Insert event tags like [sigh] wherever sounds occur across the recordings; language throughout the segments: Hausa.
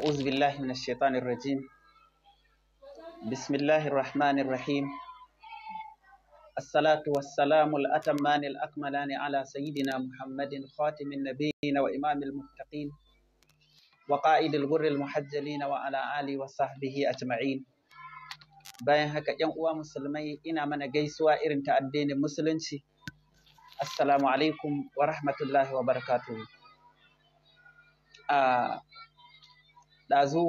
أعوذ بالله من الشيطان الرجيم بسم الله الرحمن الرحيم الصلاة والسلام الأتمان الأكملان على سيدنا محمد خاتم النبيين وإمام المتقين وقائد الغر المحجلين وعلى آله وصحبه أجمعين bayan haka ‘yan uwa musulmai ina mana gaisuwa irin ta addinin musulunci assalamu alaikum wa rahmatullahi wa barakatuhu ɗazu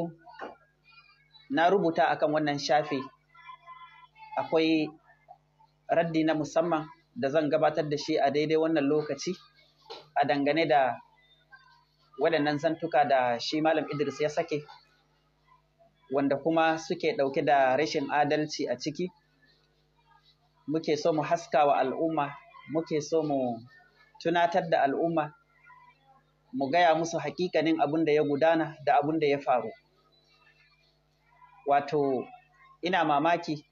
na rubuta akan wannan shafi akwai raddi na musamman da zan gabatar da shi a daidai wannan lokaci a dangane da waɗannan zantuka da shi Malam Idris ya sake wanda kuma suke ɗauke da rashin adalci a ciki muke so mu haska wa al'umma muke so mu tunatar da al'umma mu gaya musu hakikanin abin da ya gudana da abin da ya faru wato ina mamaki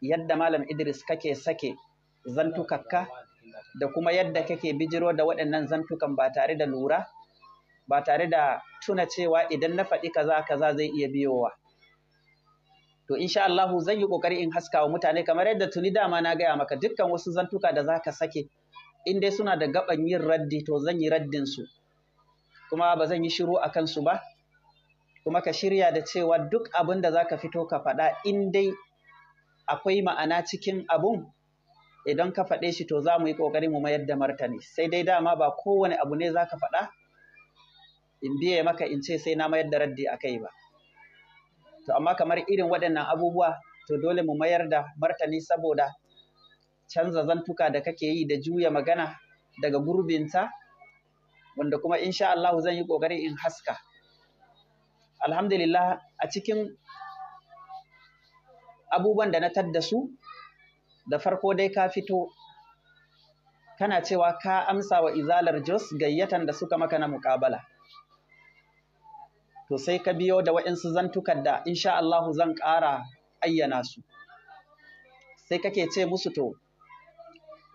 yadda malam idris kake sake zantukakka da kuma yadda kake bijiro da waɗannan zantukan ba tare da lura ba tare da tuna cewa idan na faɗi kaza kaza zai iya biyowa to insha Allahu zan yi ƙoƙari in haska wa mutane kamar yadda tuni dama na gaya maka dukkan wasu zantuka da za ka sake in dai suna da gaban yin raddi to zan yi raddin su kuma ba zan yi shiru a kansu ba kuma ka shirya da cewa duk abin da za ka fito ka faɗa in dai akwai ma'ana cikin abun idan ka faɗe shi to za mu yi ƙoƙari mu mayar da martani sai dai dama ba kowane abu ne za ka faɗa in biye maka in ce sai na mayar da raddi a kai ba to amma kamar irin waɗannan abubuwa to dole mu mayar da martani saboda canza zantuka da kake yi da juya magana daga gurbinta wanda kuma insha Allah zan yi ƙoƙari in haska. Alhamdulillah a cikin abubuwan da na tadda su, da farko dai ka fito, kana cewa ka amsa wa izalar Jos gayyatan da suka maka na mukabala To sai ka biyo da waɗansu zantukan da insha Allah zan ƙara ayyana su. Sai kake ce musu to,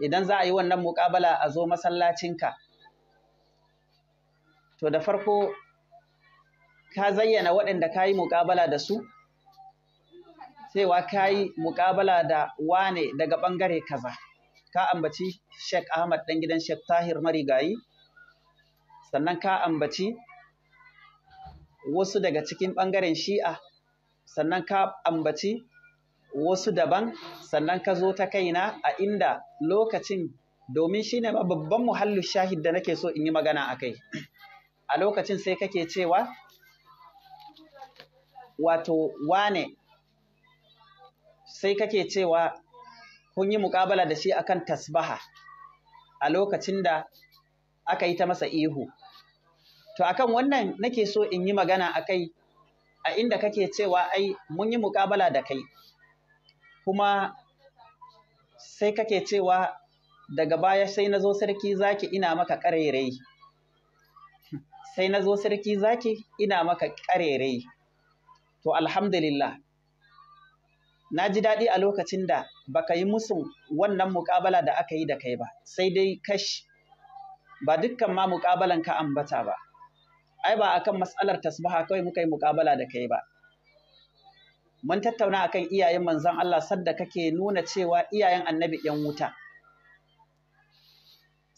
idan za a yi wannan muƙabala a zo masallacinka. to da farko ka zayyana waɗanda ka yi muƙabala da su cewa ka yi muƙabala da wane daga ɓangare kaza ka ambaci Sheikh Ahmad ɗan gidan Sheikh Tahir Marigayi sannan ka ambaci wasu daga cikin ɓangaren shi'a sannan ka ambaci wasu daban sannan ka zo ta kaina a inda lokacin domin shine babban muhallin shahid da nake so in yi magana a kai a lokacin sai kake cewa wato wane sai kake cewa kun yi mukabala da shi akan tasbaha a lokacin da aka yi ta masa ihu to akan wannan nake so in yi magana akai a inda kake cewa ai mun yi mukabala da kai kuma sai kake cewa daga baya sai na zo sarki zaki ina maka ƙarairayi sai na zo sarki zaki ina maka ƙarerai to alhamdulillah na ji daɗi a lokacin da baka yi musu wannan muƙabala da aka yi da kai ba sai dai kash ba dukkan ma muƙabalan ka ambata ba ai ba akan matsalar tasbaha kawai muka yi muƙabala da kai ba mun tattauna akan iyayen manzon Allah sadda kake nuna cewa iyayen annabi yan wuta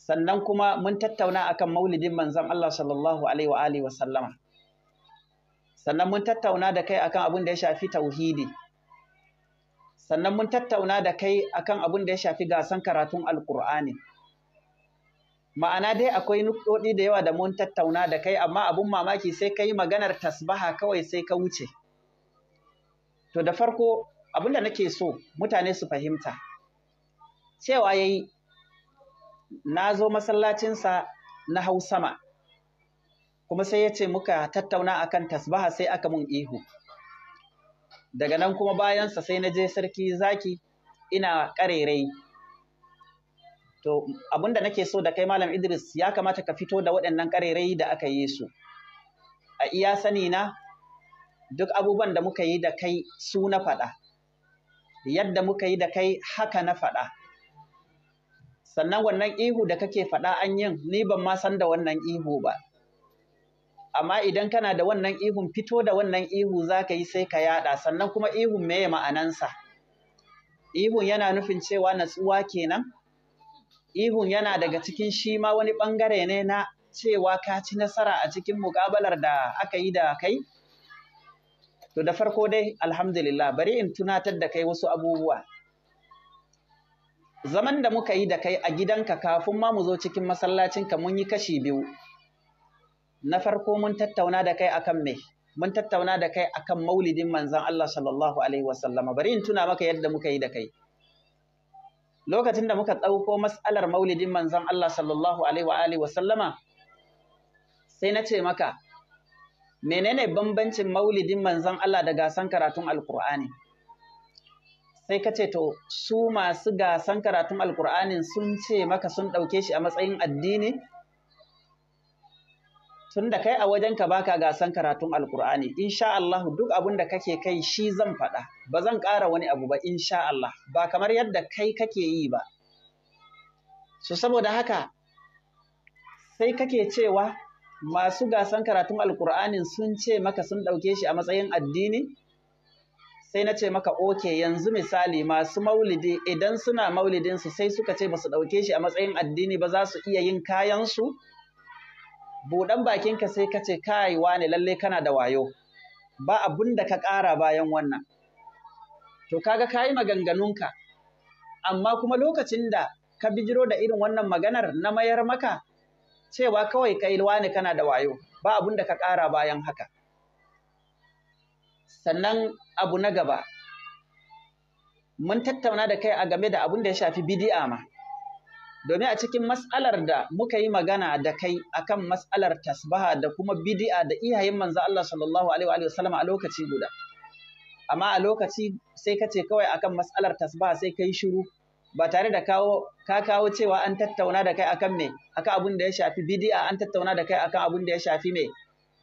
sannan kuma mun tattauna akan maulidin manzan Allah sallallahu alaihi wa wa sallama sannan mun tattauna da kai akan abin da ya shafi tauhidi sannan mun tattauna da kai akan abin da ya shafi gasan karatun alkur'ani ma'ana dai akwai nukɗoɗi da yawa da mun tattauna da kai amma abin mamaki sai ka yi maganar tasbaha kawai sai ka wuce to da farko abin da nake so mutane su fahimta cewa yayi na zo masallacinsa na hau sama kuma sai ya ce muka tattauna akan tasbaha sai aka mun ihu daga nan kuma bayansa sai na je sarki zaki ina ƙarerai to abinda nake so da kai malam Idris ya kamata ka fito da waɗannan ƙarerai da aka yi su a iya sani na duk abubuwan da muka yi da kai su na faɗa yadda muka yi da kai haka na faɗa sannan wannan ihu da kake faɗa an yin ni ban ma san da wannan ihu ba amma idan kana da wannan ihun fito da wannan ihu za ka yi sai ka yaɗa sannan kuma ihun meye ma'anansa ihun yana nufin cewa natsuwa kenan ihun yana daga cikin shi ma wani ɓangare ne na cewa ka ci nasara a cikin muƙabalar da aka yi da kai to da farko dai alhamdulillah bari in tunatar da kai wasu abubuwa zaman da muka yi da kai a gidanka kafin ma mu zo cikin masallacinka mun yi kashi biyu na farko mun tattauna da kai akan me mun tattauna da kai akan maulidin manzon Allah sallallahu alaihi wasallam bari in tuna maka yadda muka yi da kai lokacin da muka ɗauko mas'alar maulidin manzon Allah sallallahu alaihi wasallama sai na ce maka menene bambancin maulidin manzon Allah da gasan karatun alkur'ani sai ka ce to su masu gasan karatun alkur'anin sun ce maka sun ɗauke shi a matsayin addini tun da kai a wajenka baka gasan karatun alkur'ani insha Allah duk abin da kake kai shi zan faɗa ba zan ƙara wani abu ba insha Allah ba kamar yadda kai kake yi ba so saboda haka sai kake cewa masu gasan karatun alkur'anin sun ce maka sun ɗauke shi a matsayin addini sai na ce maka oke yanzu misali masu maulidi idan suna maulidinsu sai suka ce ba su ɗauke shi a matsayin addini ba za su iya yin kayansu buɗan bakinka sai ka ce kai wane lalle kana da wayo ba abun da ka ƙara bayan wannan to kaga kayi maganganunka amma kuma lokacin da ka bijiro da irin wannan maganar na mayar maka cewa kawai kai wane kana da wayo ba abun da ka ƙara bayan haka sannan abu na gaba mun tattauna da kai a game da abun da ya shafi bidi'a ma domin a cikin mas'alar da muka yi magana da kai akan mas'alar tasbaha da kuma bidi'a da iyayen manzo Allah sallallahu alaihi wa sallam a lokaci guda amma a lokaci sai ka ce kawai akan mas'alar tasbaha sai ka yi shiru ba tare da kawo ka kawo cewa an tattauna da kai akan me akan abun da ya shafi bidi'a an tattauna da kai akan abun da ya shafi me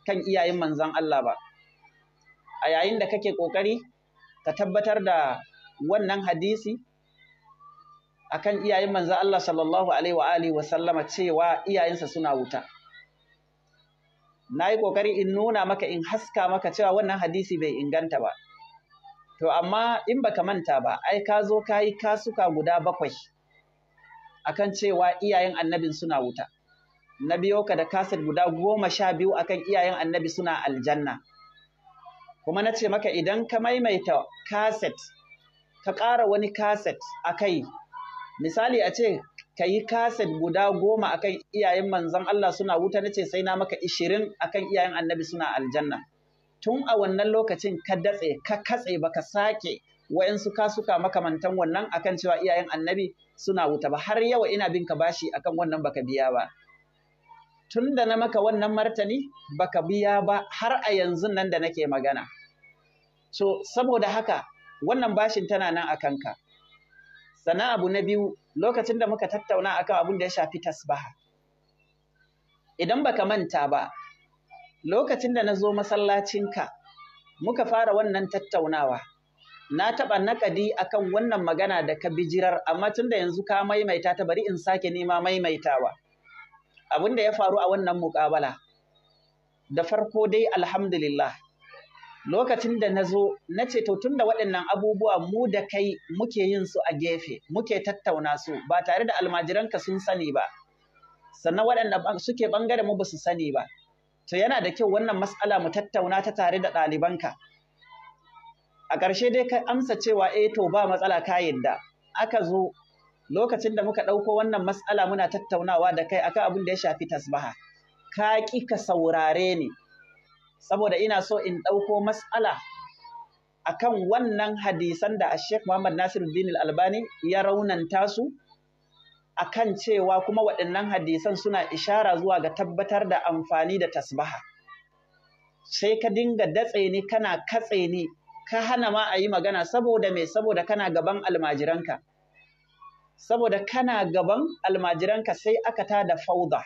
kan iyayen manzon Allah ba a yayin da kake ƙoƙari ka tabbatar da wannan hadisi akan iyayen manzo Allah sallallahu alaihi wa alihi wa sallama cewa iyayensa suna wuta nayi kokari in nuna maka in haska maka cewa wannan hadisi bai inganta ba to amma in baka manta ba ai ka zo kayi kasuka guda bakwai akan cewa iyayen annabin suna wuta na biyo ka da kasir guda goma sha biyu akan iyayen annabi suna aljanna kuma na ce maka idan ka maimaita kaset ka ƙara wani kaset a kai misali a ce ka yi kaset guda goma akan iyayen manzan, Allah suna wuta na ce sai na maka ishirin akan iyayen annabi suna aljanna tun a wannan lokacin ka datse ka katse baka sake wa'yansu kasuka makamantan wannan akan cewa iyayen annabi suna wuta ba har yawa ina bin ka bashi akan wannan baka biya ba tun da na maka wannan martani baka biya ba har a yanzu nan da nake magana So saboda haka wannan bashin tana nan a kanka. Sannan abu na biyu lokacin da muka tattauna akan abin da ya shafi tasbaha. Idan baka manta ba, lokacin da na zo masallacinka muka fara wannan tattaunawa. Na taɓa nakadi kan wannan magana da ka bijirar, amma tun da yanzu ka maimaita ta bari in sake nema maimaitawa. Abin da ya faru a wannan muƙabala. Da farko dai alhamdulillah, lokacin da na zo na ce to tunda waɗannan abubuwa mu da kai muke yin su a gefe muke tattauna su ba tare da almajiranka sun sani ba sannan waɗanda suke ɓangare mu ba su sani ba to yana da kyau wannan mas'ala mu tattauna ta tare da ɗalibanka a ƙarshe dai ka amsa cewa eh to ba matsala ka yadda aka zo lokacin da muka ɗauko wannan matsala muna tattaunawa da kai akan abin da ya shafi tasbaha ka ƙi ka saurare ni saboda ina so in ɗauko mas'ala kan wannan hadisan da a Sheikh Muhammad nasir Al-Albani ya raunanta su a kan cewa kuma waɗannan hadisan suna ishara zuwa ga tabbatar da amfani da tasbaha sai ka dinga datse ni kana katse ni ka hana ma a yi magana saboda me saboda kana gaban almajiranka saboda kana gaban almajiranka sai aka ta da fauda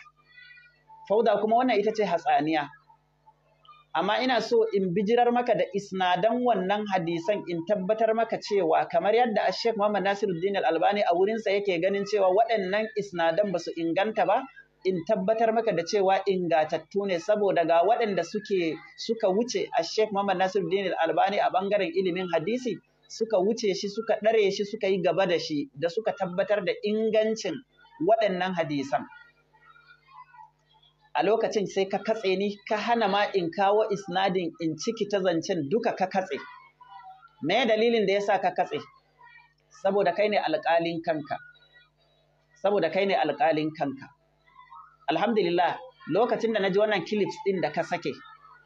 fauda kuma wannan ita ce hatsaniya amma ina so in bijirar maka da isnadan wannan hadisan in tabbatar maka cewa kamar yadda Sheikh Muhammad Nasiruddin Al-Albani a wurinsa yake ganin cewa waɗannan isnadan ba su inganta ba in tabbatar maka da cewa ingatattu ne saboda ga waɗanda suke suka wuce a Sheikh Muhammad Nasiruddin Al-Albani a bangaren ilimin hadisi suka wuce shi suka ɗare shi suka yi gaba da shi da suka tabbatar da ingancin waɗannan hadisan. a lokacin sai ka katse ni ka hana ma in kawo isnadin in ciki ta zancen duka ka katse me dalilin da yasa ka katse saboda kai ne alƙalin kanka saboda kai ne alƙalin kanka alhamdulillah lokacin da na ji wannan clips ɗin da ka sake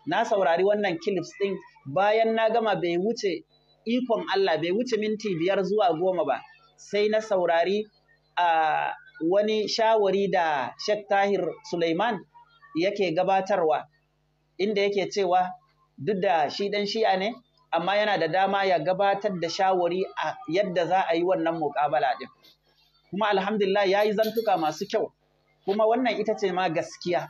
na saurari wannan clips ɗin bayan na gama bai wuce ikon Allah bai wuce minti biyar zuwa goma ba sai na saurari a ah, wani shawari da Sheikh Tahir Suleiman yake gabatarwa inda yake cewa duk da shi ɗan shi'a ne amma yana da dama ya gabatar da shawari a yadda za a yi wannan muƙabala din kuma alhamdulillah yi zantuka masu kyau kuma wannan ita ce ma gaskiya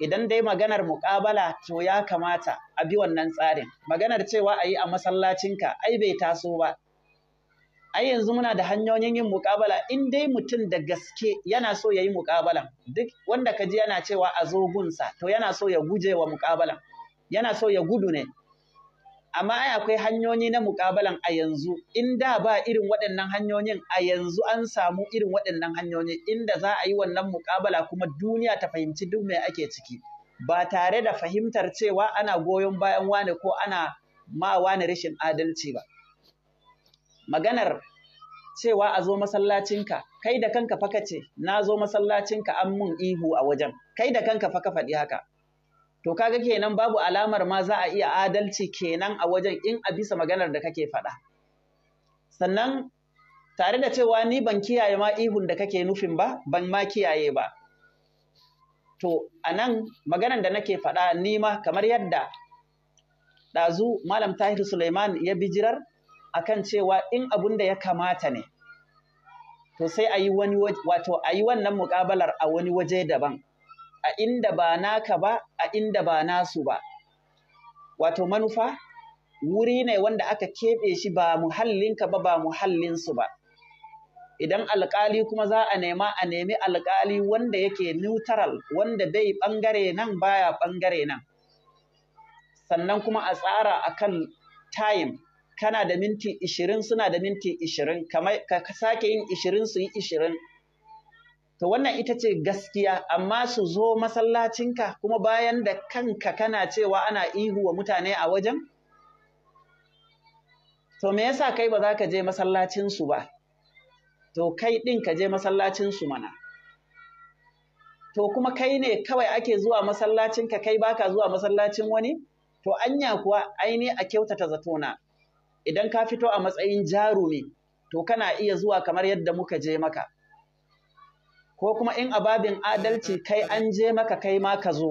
idan dai maganar muƙabala to ya kamata a bi wannan tsarin maganar cewa a yi a masallacinka ai bai taso ba ai yanzu muna da hanyoyin yin muƙabala in dai mutum da gaske yana so ya yi muƙabalan duk wanda ka ji yana cewa a zo gunsa to yana so ya guje wa muƙabalan yana so ya gudu ne amma ai akwai hanyoyi na muƙabalan a yanzu in da ba irin waɗannan hanyoyin a yanzu an samu irin waɗannan hanyoyi inda za a yi wannan muƙabala kuma duniya ta fahimci duk me ake ciki ba tare da fahimtar cewa ana goyon bayan wane ko ana ma wane rashin adalci ba maganar cewa a zo masallacinka kai da kanka fa ce. na zo masallacinka an mun ihu a wajen kai da kanka fa faɗi haka to kaga kenan babu alamar ma za a iya adalci kenan a wajen in a bisa maganar da kake faɗa sannan tare da cewa ni ban kiyaye ma ihun da kake nufin ba ban ma kiyaye ba to anan maganar da nake faɗa ni ma kamar yadda ɗazu malam tahir suleiman ya bijirar akan cewa in abun da ya kamata ne to sai a yi wani wato a yi wannan muƙabalar a wani waje daban a inda ba naka ba a inda ba nasu ba wato manufa wuri ne wanda aka keɓe shi ba muhallinka ba ba su ba idan alƙali kuma za a nema a nemi alƙali wanda yake neutral wanda bai ɓangare nan baya ɓangare nan sannan kuma a tsara akan time kana da minti ishirin suna da minti ishirin ka sake yin ishirin su yi ishirin to wannan ita ce gaskiya amma su zo masallacinka kuma bayan da kanka kana cewa ana ihu wa mutane a wajen to me yasa kai ba za ka je masallacinsu ba to kai ɗin ka je masallacinsu mana to kuma kai ne kawai ake zuwa masallacinka kai baka zuwa masallacin wani to anya kuwa aini a kyautata zatona idan ka fito a matsayin jarumi to kana iya zuwa kamar yadda muka je maka ko kuma in ababin adalci kai an je maka kai ma ka zo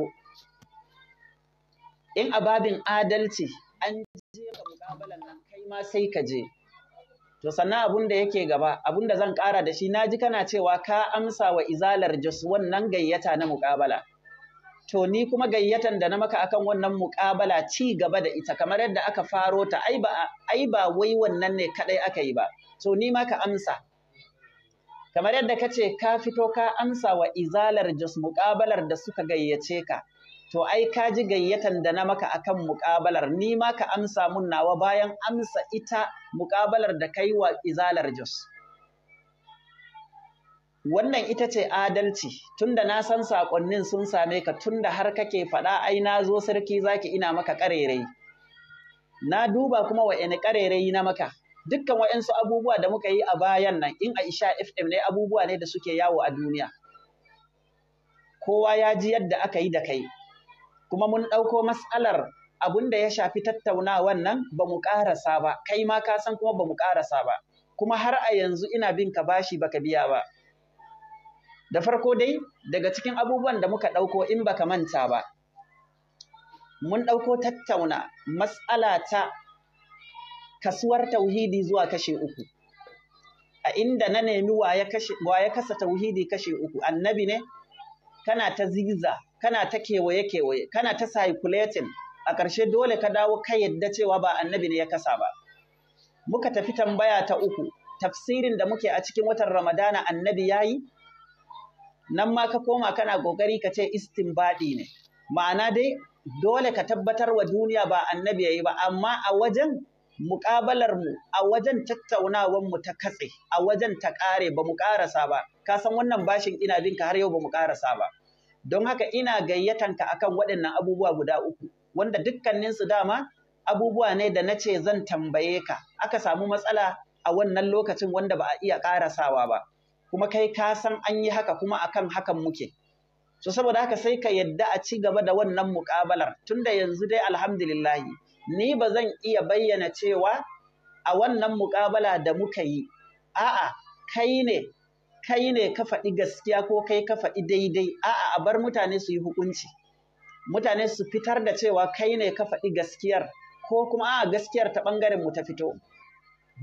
in ababin adalci an je ka nan kai ma sai ka je to sannan abun da yake gaba abun da zan ƙara da shi naji kana cewa ka amsa wa izalar jos wannan gayyata na muƙabala to ni kuma gayyatan da na maka akan wannan muƙabala ci gaba da ita kamar yadda aka faro ta ai ba ai ba wai wannan ne kadai aka yi ba to ni ma ka amsa kamar yadda ka ce ka fito ka amsa wa izalar jos muƙabalar da suka gayyace ka to ai ka ji gayyatan da na maka akan muƙabalar ni ma ka amsa mun nawa bayan amsa ita muƙabalar da kai wa izalar jos wannan ita ce adalci tunda na san sakonnin sun same ka tunda har kake faɗa ai na zo sarki zaki ina maka ƙarerai na duba kuma wa wa'yan ƙarerai na maka dukkan wa'yansu abubuwa da muka yi a bayan nan in Aisha FM ne abubuwa ne da suke yawo a duniya kowa ya ji yadda aka yi da kai kuma mun ɗauko matsalar abun da ya shafi tattaunawan nan ba mu ƙarasa ba kai ma ka san kuma ba mu ƙarasa ba kuma har a yanzu ina bin ka bashi baka biya ba da farko dai daga cikin abubuwan da muka ɗauko in baka manta ba mun ɗauko tattauna matsala ta kasuwar tauhidi zuwa kashe uku a inda na nemi wa ya kasa tauhidi kashe uku annabi ne kana ta ziza kana ta kewaye-kewaye kana ta saikuletin, a ƙarshe dole ka dawo ka yadda cewa ba annabi ne ya kasa ba muka tafi tambaya ta uku tafsirin da muke a cikin watan ramadana annabi ya yi? nan ma ka koma kana kokari ka ce istinbadi ne ma'ana dai dole ka tabbatar wa duniya ba annabi yayi ba amma a wajen muƙabalar mu a wajen tattaunawar mu ta katse a wajen ta kare ba mu ƙarasa ba ka san wannan bashin ina bin ka har yau ba mu ƙarasa ba don haka ina gayyatan ka akan waɗannan abubuwa guda uku wanda dukkanin su dama abubuwa ne da nace zan tambaye ka aka samu matsala a wannan lokacin wanda ba a iya karasawa ba kuma kai ka san an yi haka kuma akan hakan muke so saboda haka sai ka yadda a ci gaba da wannan muƙabalar da yanzu dai alhamdulillahi ni ba zan iya bayyana cewa a wannan muƙabala da muka yi a'a kai ne kai ne ka faɗi gaskiya ko kai ka faɗi daidai a'a a bar mutane su yi hukunci mutane su fitar da cewa kai ne ka faɗi gaskiyar ko kuma a'a gaskiyar ta ɓangaren mu ta fito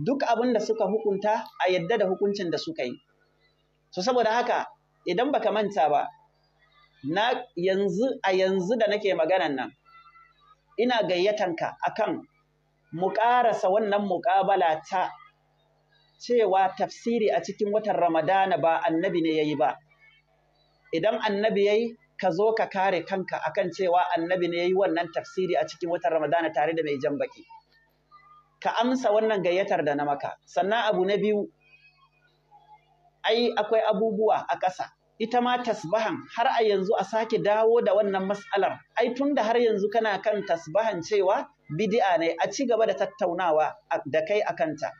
duk abin da suka hukunta a yadda da hukuncin da suka yi so saboda haka idan baka manta ba na yanzu a yanzu da nake maganan nan ina gayyatanka akan mu ƙarasa wannan muƙabala ta cewa tafsiri a cikin watan Ramadana ba annabi ne yayi ba idan annabi yayi ka zo ka kare kanka akan cewa annabi ne yayi wannan tafsiri a cikin watan Ramadana tare da mai jan baki ka amsa wannan gayyatar da na maka sannan abu na biyu ai akwai abubuwa a ƙasa ita ma tasbahan har a yanzu a sake dawo da wannan mas'alar ai tun da har yanzu kana kan tasbahan cewa bidi'a ne a ci gaba da tattaunawa da kai a kanta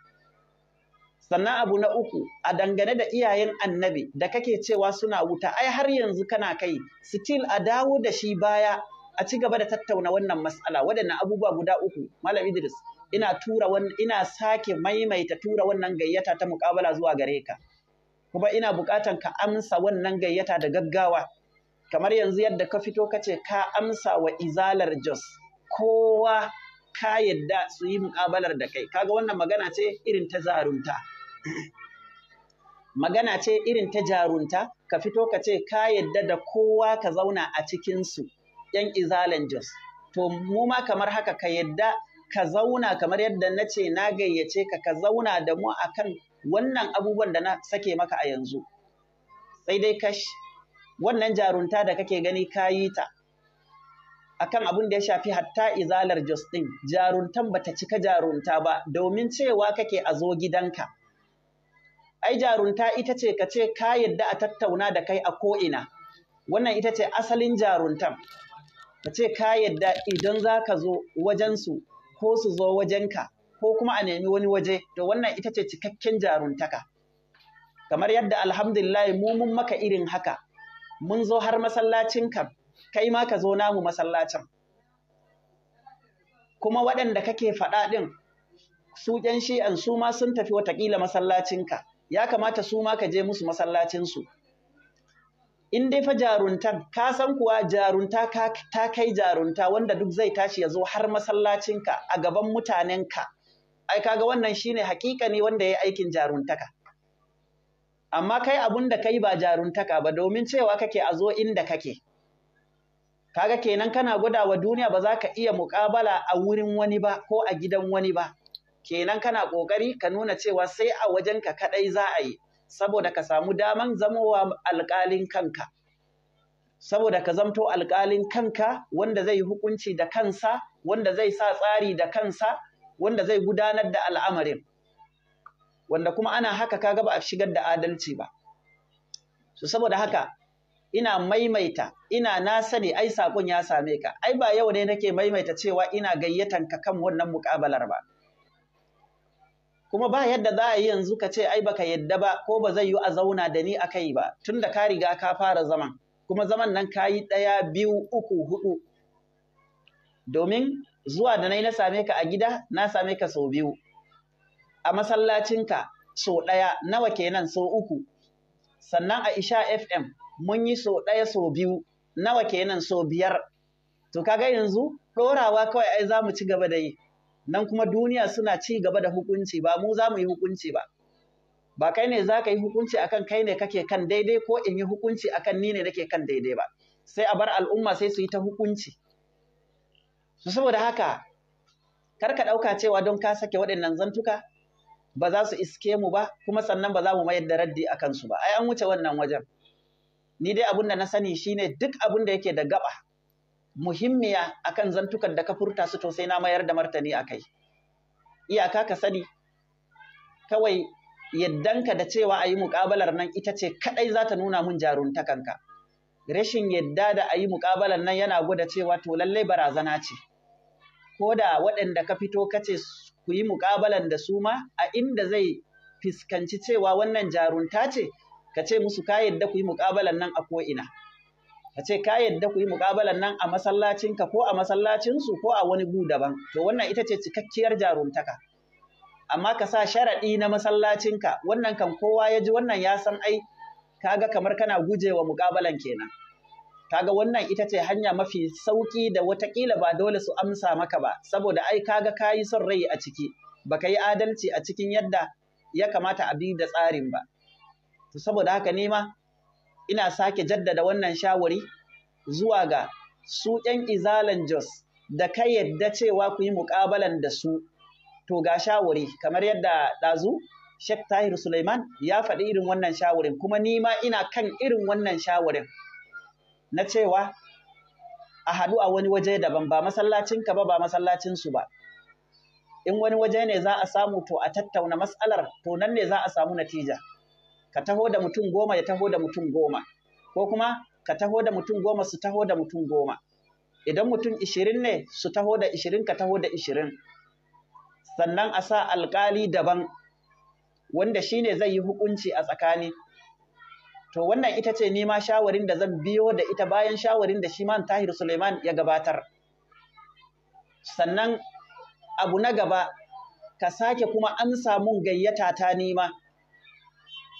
sannan abu na uku a dangane da iyayen annabi da kake cewa suna wuta ai har yanzu kana kai still a dawo da shi baya a ci gaba da tattauna wannan mas'ala waɗannan abubuwa guda uku malam Idris ina tura ina sake maimaita tura wannan gayyata ta muƙabala zuwa gare ka kuma ina buƙatan ka amsa wannan gayyata da gaggawa kamar yanzu yadda ka fito ka ce ka amsa wa izalar jos kowa ka yadda su yi muƙabalar da kai kaga wannan magana ce irin ta zarunta [clears throat] magana ce irin ta jarunta ka fito ka ce ka yadda da kowa ka zauna a cikinsu ‘yan izalan jos to mu ma kamar haka ka yadda ka zauna kamar yadda na ce na gayyace ka ka zauna da mu akan wannan abubuwan da na sake maka a yanzu sai dai kash wannan jarunta da kake gani ka yi ta akan abin da ya shafi hatta izalar Jos din jaruntan bata cika jarunta ba domin cewa kake a zo gidanka ai jarunta ita ce ka ce ka yadda a tattauna da kai a ko'ina wannan ita ce asalin jaruntan ka ce ka yadda idan za ka zo wajensu ko su zo wajenka ko kuma a nemi wani waje to wannan ita ce cikakken jaruntaka kamar yadda alhamdulillah mu mun maka irin haka mun zo har masallacin ka, kai ma ka zo namu masallacin kuma waɗanda kake faɗa ɗin su ƴan shi'an su ma sun tafi watakila masallacinka ya kamata su ma ka je musu masallacinsu in dai fa jaruntan ka san kuwa jarunta ta kai jarunta wanda duk zai tashi ya zo har masallacinka a gaban mutanen ka ai kaga wannan shine hakika ne wanda yayi aikin jaruntaka amma kai abun da kai ba jaruntaka ba domin cewa kake a zo inda kake kaga kenan kana gwada wa duniya ba za ka iya muƙabala a wurin wani ba ko a gidan wani ba kenan kana ƙoƙari ka nuna cewa sai a wajen ka kaɗai za a yi saboda ka samu daman zamowa alƙalin kanka saboda ka zamto alƙalin kanka wanda zai yi hukunci da kansa wanda zai sa tsari da kansa wanda zai gudanar da al'amarin wanda kuma ana haka kaga ba a shigar da adalci ba so saboda haka ina maimaita ina na sani ai sakon ya same ka ai ba yau ne nake maimaita cewa ina gayyatan ka kan wannan muƙabalar ba kuma ba yadda za a yi yanzu ka ce ai baka yadda ba ko ba zai yi a zauna da ni a kai ba tun da ka riga ka fara zaman kuma zaman nan ka yi ɗaya biyu uku huɗu domin zuwa da nai na same ka a gida na same ka sau biyu a masallacinka sau ɗaya nawa kenan sau uku sannan a isha fm mun yi sau ɗaya sau biyu nawa kenan sau biyar to kaga yanzu ɗorawa kawai ai za mu ci gaba da yi nan kuma duniya suna ci gaba da hukunci ba mu za mu yi hukunci ba ba kai ne za ka yi hukunci akan kai ne kake kan daidai ko in yi hukunci akan ni ne nake kan daidai ba sai a bar al'umma sai su yi ta hukunci su saboda haka kar ka ɗauka cewa don ka sake waɗannan zantuka ba za su iske mu ba kuma sannan ba za mu mayar da raddi a kansu ba ai an wuce wannan wajen ni dai abin da na sani shine duk abin da yake da gaba muhimmiya akan zantukan da ka furta su to sai na mayar da martani a kai. iyaka ka sani kawai yaddanka da cewa a yi muƙabalar nan ita ce kaɗai za ta nuna mun jaruntakanka rashin yadda da a yi muƙabalar nan yana gwada cewa to lallai barazana ce ko da waɗanda ka fito ka ce ku yi muƙabalan da su ma a inda zai fuskanci cewa wannan jarunta ce ka ce musu ka yadda ku yi muƙabalan nan a ko'ina ka ce ka yadda ku yi muƙabalan nan a masallacinka ko a masallacinsu ko a wani gu daban to wannan ita ce cikakkiyar jaruntaka amma ka sa sharaɗi na masallacinka wannan kan kowa ya ji wannan ya san ai kaga kamar kana gujewa muƙabalan kenan kaga wannan ita ce hanya mafi sauki da watakila ba dole su amsa maka ba saboda ai kaga ka yi son rai a ciki baka yi adalci a cikin yadda ya kamata a bi da tsarin ba to saboda haka ne ma ina sake jaddada wannan shawari zuwa ga su ƴan izalan Jos da ka yadda cewa ku yi muƙabalan da su to ga shawari kamar yadda ɗazu Sheikh Tahir Suleiman ya faɗi irin wannan shawarin kuma ni ma ina kan irin wannan shawarin na cewa a haɗu a wani waje daban ba masallacinka ba ba masallacinsu ba in wani waje ne za a samu to a tattauna matsalar to nan ne za a samu natija ka taho da mutum goma ya taho da mutum goma ko kuma ka taho da mutum goma su taho da mutum goma idan mutum ishirin ne su taho da ishirin ka taho da ishirin sannan a sa alƙali daban wanda shine zai yi hukunci a tsakani to wannan ita ce nima shawarin da zan biyo da ita bayan shawarin da shi Shiman Tahir Suleiman ya gabatar sannan abu na gaba ka sake kuma an samun gayyata ta nima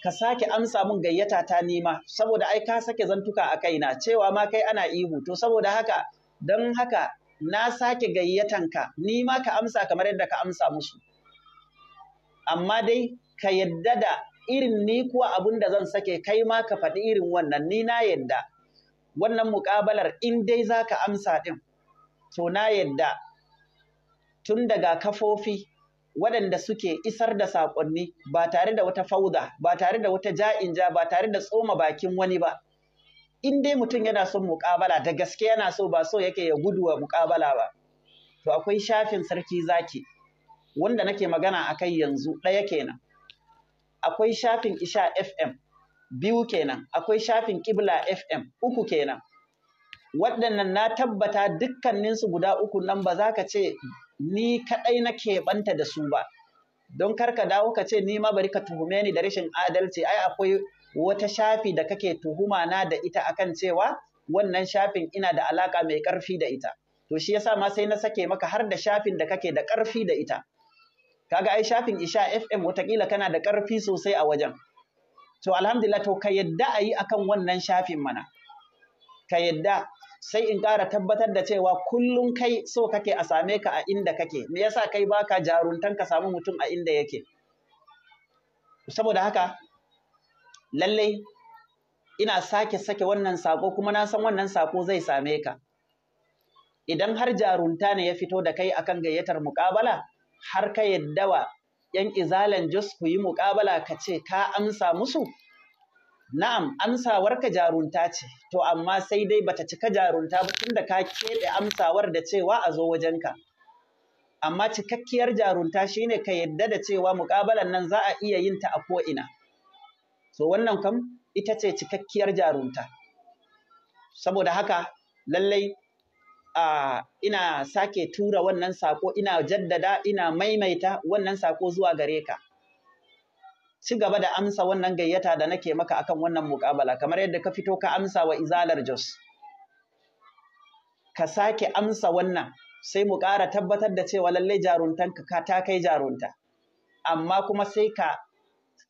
ka sake amsa mun gayyata ta nima saboda ai ka sake zantuka a kaina cewa ma kai ana ihu to saboda haka don haka na sake gayyatanka nima ka amsa kamar yadda ka amsa musu amma dai ka yadda da irin ni kuwa abin da zan sake kai ma ka faɗi irin wannan ni na yadda wannan muƙabalar in dai za ka amsa ɗin to na yadda tun daga kafofi waɗanda suke isar da saƙonni ba tare da wata fauda ba tare da wata ja'inja ba tare da tsoma bakin wani ba in dai mutum yana son muƙabala da gaske yana so ba so yake ya gudu wa muƙabala ba to akwai shafin sarki zaki wanda nake magana a kai yanzu ɗaya kenan akwai shafin Isha FM biyu kenan, akwai shafin Kibla FM uku kenan. Waɗannan na tabbata dukkaninsu guda uku nan ba za ka ce ni kaɗai na keɓanta da su ba. Don kar ka dawo ka ce ni ma bari ka tuhume ni da rashin adalci, ai akwai wata shafi da kake tuhuma na da ita akan cewa wannan shafin ina da alaka mai ƙarfi da ita. To shi yasa ma sai na sake maka har da shafin da kake da ƙarfi da ita. kaga ai shafin Isha FM watakila kana da ƙarfi sosai a wajen to alhamdulillah to ka yadda ayi akan wannan shafin mana ka yadda sai in ƙara tabbatar da cewa kullum kai so kake a same ka a inda kake me yasa kai baka jaruntan ka samu mutum a inda yake saboda haka lallai ina sake sake wannan sako kuma na san wannan sako zai same ka idan har jarunta ne ya fito da kai akan gayyatar muƙabala har ka yadda wa ‘yan izalan jos ku yi muƙabala ka ce ka amsa musu? Na'am, amsawarka jarunta ce, to amma sai dai bata cika jarunta ba da ka keɓe amsawar da cewa a zo wajenka. Amma cikakkiyar jarunta ne ka yadda da cewa muƙabalan nan za a iya yin ta a ko'ina. To wannan kam ita ce cikakkiyar jarunta. Saboda haka, lallai A ina sake tura wannan sako ina jaddada ina maimaita wannan sako zuwa gare ka ci gaba da amsa wannan gayyata da nake maka akan wannan muƙabala kamar yadda ka fito ka amsa wa izalar jos ka sake amsa wannan sai mu ƙara tabbatar da cewa lallai jaruntanka ka ta kai jarunta amma kuma sai ka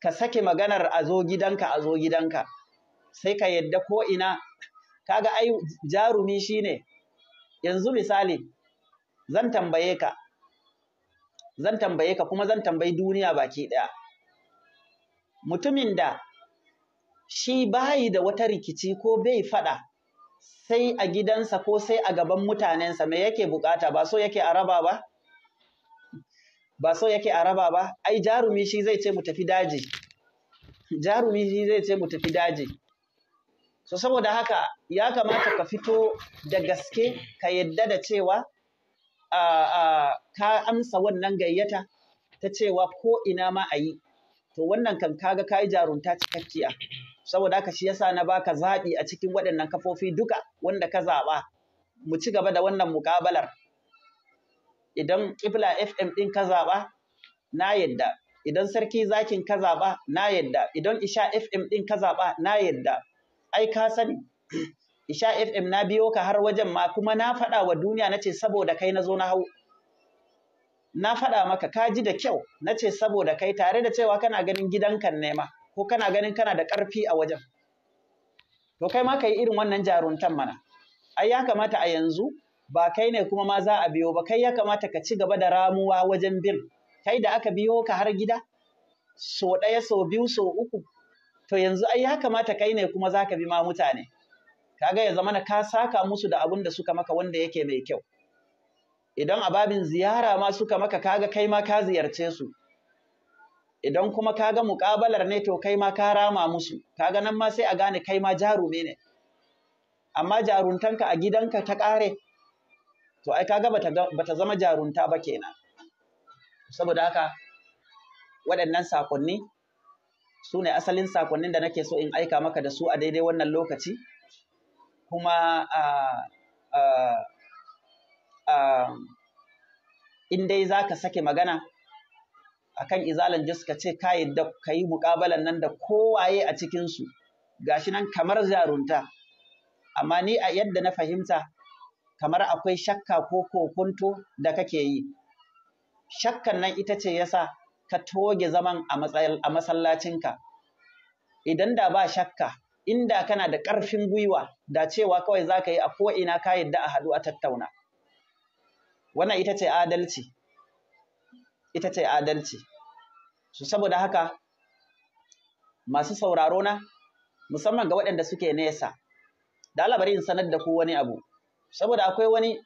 ka sake maganar a zo gidanka a zo gidanka sai ka yadda ko ina kaga ai jarumi shine yanzu misali zan tambaye ka zan tambaye ka kuma zan tambayi duniya baki ɗaya mutumin da shi bayi da wata rikici ko bai faɗa sai a gidansa ko sai a gaban mutanensa me yake bukata ba so yake araba ba ba so yake araba ba ai jarumi shi zai ce mu tafi daji jarumi shi zai ce mu tafi daji so saboda haka ya kamata ka fito da gaske ka yadda da cewa ka amsa wannan gayyata ta cewa ko ina ma a yi to wannan kan kaga ka yi jarunta cikakkiya saboda haka shi yasa na baka zaɓi a cikin waɗannan kafofi duka wanda ka zaɓa mu ci gaba da wannan muƙabalar idan ƙibla fm ɗin ka zaɓa na yadda idan sarki zakin ka zaɓa na yadda idan isha fm ɗin ka zaɓa na yadda ai ka sani Isha FM na biyo ka har wajen ma kuma na faɗa wa duniya nace saboda kai na zo na hau na faɗa maka ka ji da kyau nace saboda kai tare da cewa kana ganin gidankan nema ko kana ganin kana da ƙarfi a wajen to kai ma ka irin wannan jaruntan mana ai ya kamata a yanzu ba kai ne kuma ma za a biyo ba kai ya kamata ka ci gaba da ramuwa wajen bin kai da aka biyo ka har gida so ɗaya so biyu so uku to yanzu ai ya kamata kai ne kuma za ka bi ma mutane kaga ya zamana ka saka musu da abun da suka maka wanda yake mai kyau idan a ziyara ma suka maka kaga kai ma ka ziyarce su idan kuma kaga muƙabalar ne to kai ma ka rama musu kaga nan ma sai a gane kai ma jarume ne amma jaruntanka a gidanka ta ƙare to ai kaga bata bata zama jarunta ba kenan saboda haka waɗannan sakonni su ne asalin sakonnin da nake so in aika maka da su a daidai wannan lokaci kuma in dai za ka sake magana a kan izalan jus ka ce ka da ka yi mukabalan nan da kowaye a cikinsu gashi nan kamar zarunta amma ni a yadda na fahimta kamar akwai shakka ko kokunto da kake yi shakkan nan ita ce yasa ka toge zaman a masallacinka idan da ba shakka inda kana da ƙarfin gwiwa da cewa kawai za ka yi a ko'ina ka yadda a haɗu a tattauna wannan ita ce adalci ita ce adalci su saboda haka masu sauraro na musamman ga waɗanda suke nesa da labari in sanar da ku wani abu saboda akwai wani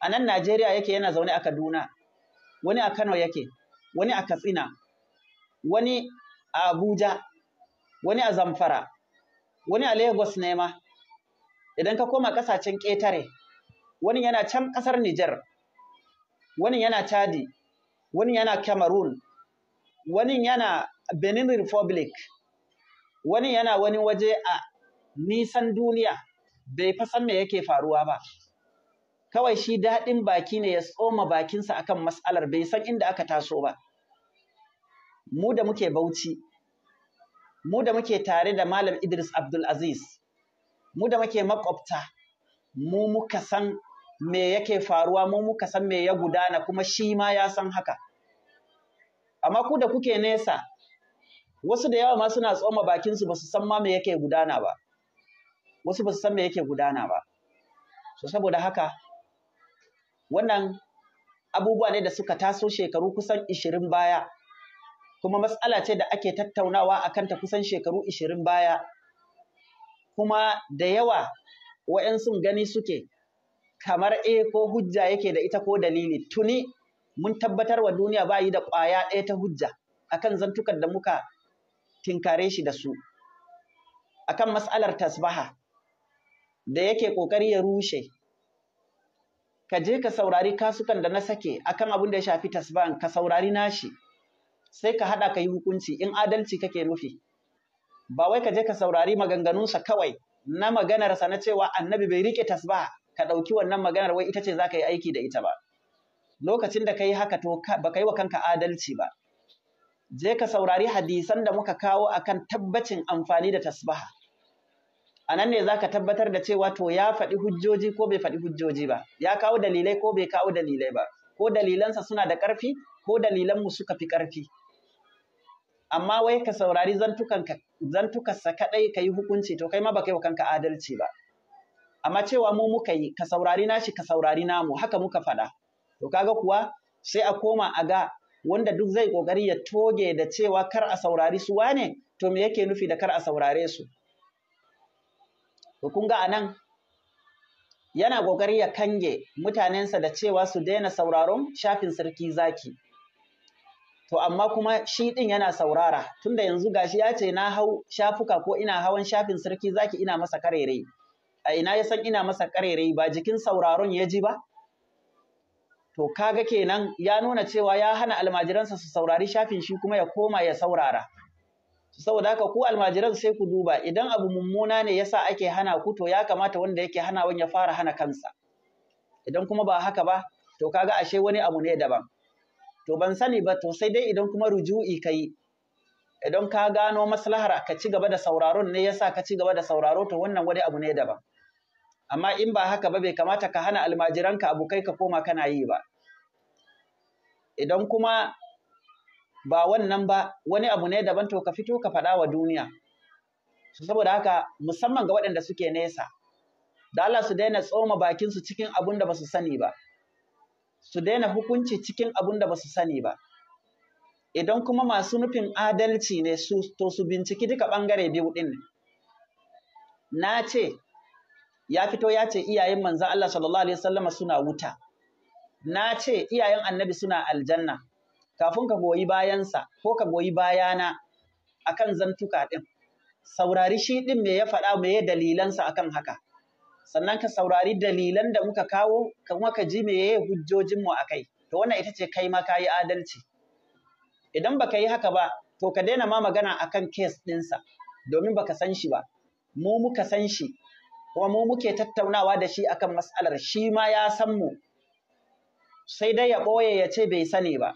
a nan Najeriya yake yana zaune a Kaduna wani a Kano yake wani a Katsina, wani a Abuja, wani a Zamfara, wani a Lagos ne ma. Idan ka koma ƙasashen ƙetare, wani yana can ƙasar Nijar, wani yana Chadi, wani yana Cameroon, wani yana Benin Republic, wani yana wani waje a nisan duniya bai fa san me yake faruwa ba. kawai shi daɗin baki ne ya tsoma bakinsa akan mas'alar bai san inda aka taso ba mu da muke bauchi mu da muke tare da malam Idris Abdul Aziz mu da muke makwabta mu muka san me yake faruwa mu muka san me ya gudana kuma shi ma ya san haka amma ku da kuke nesa wasu da yawa ma suna tsoma bakinsu ba su san ma me yake gudana ba wasu ba san me yake gudana ba so saboda haka wannan abubuwa ne da suka taso shekaru kusan ishirin baya kuma matsala ce da ake tattaunawa a kanta kusan shekaru ishirin baya kuma da yawa wa'yansu gani suke kamar e ko hujja yake da ita ko dalili tuni mun tabbatar wa duniya ba yi da ƙwaya ɗaya ta hujja akan zantukan da muka tinkare shi da su akan matsalar tasbaha da yake ƙoƙari ya rushe ka je ka saurari kasukan da na sake akan abin da ya shafi tasban ka saurari nashi sai ka haɗa ka yi hukunci in adalci kake nufi ba wai ka je ka saurari maganganunsa kawai na maganarsa na cewa annabi bai rike tasba ka ɗauki wannan maganar wai ita ce za ka yi aiki da ita ba lokacin da ka yi haka to ba ka yi wa kanka adalci ba je ka saurari hadisan da muka kawo akan tabbacin amfani da tasbaha a nan ne ka tabbatar da cewa to ya faɗi hujjoji ko bai faɗi hujjoji ba ya kawo dalilai ko bai kawo dalilai ba ko dalilansa suna da ƙarfi ko dalilanmu suka fi ƙarfi amma wai ka saurari zantukarsa kaɗai ka yi hukunci to kai ma ba kai wa kanka adalci ba amma cewa mu muka yi ka saurari nashi ka saurari namu haka muka faɗa to kaga kuwa sai a koma a ga wanda duk zai ƙoƙari ya toge da cewa kar a saurari su wane to me yake nufi da kar a saurare su To kun ga anan yana ƙoƙari ya kange mutanensa da cewa su daina sauraron shafin sarki zaki. To amma kuma shi ɗin yana saurara tunda yanzu gashi ya ce na hau shafuka ko ina hawan shafin sarki zaki ina masa karere. A ina ya san ina masa karere ba jikin sauraron ya ji ba? To kaga kenan ya nuna cewa ya hana almajiransa su saurari shafin shi kuma ya koma ya saurara. saboda haka ku almajiran sai ku duba idan abu mummuna ne yasa ake hana ku to ya kamata wanda yake hana wani ya fara hana kansa idan kuma ba haka ba to kaga ashe wani abu ne daban to ban sani ba to sai dai idan kuma ruju'i kai idan ka gano maslahar ka ci gaba da sauraron ne yasa ka ci gaba da sauraro to wannan wani abu ne daban amma in ba haka ba bai kamata ka hana almajiranka abokai ka koma kana yi ba idan kuma ba wannan ba wani abu ne daban to ka fito ka faɗa wa duniya saboda haka musamman ga waɗanda suke nesa da Allah su daina tsoma bakin su cikin abun da basu sani ba su daina hukunci cikin abun da basu sani ba idan kuma masu nufin adalci ne su to su binciki duka bangare biyu din na ce ya fito ya ce iyayen manzo Allah sallallahu alaihi wasallama suna wuta na ce iyayen annabi suna aljanna kafin ka goyi bayansa ko ka goyi bayana akan zantuka ɗin. Saurari shi ɗin me ya faɗa me ya dalilansa akan haka. Sannan ka saurari dalilan da muka kawo kuma ka ji me ya yi hujjojinmu a kai. To wannan ita ce kai ma ka yi adalci. Idan ba ka yi haka ba, to ka daina ma magana akan kes ɗinsa domin ba ka san shi ba. Mu muka san shi, kuma mu muke tattaunawa da shi akan mas'alar. shi ma ya san mu. Sai dai ya ɓoye ya ce bai sani ba.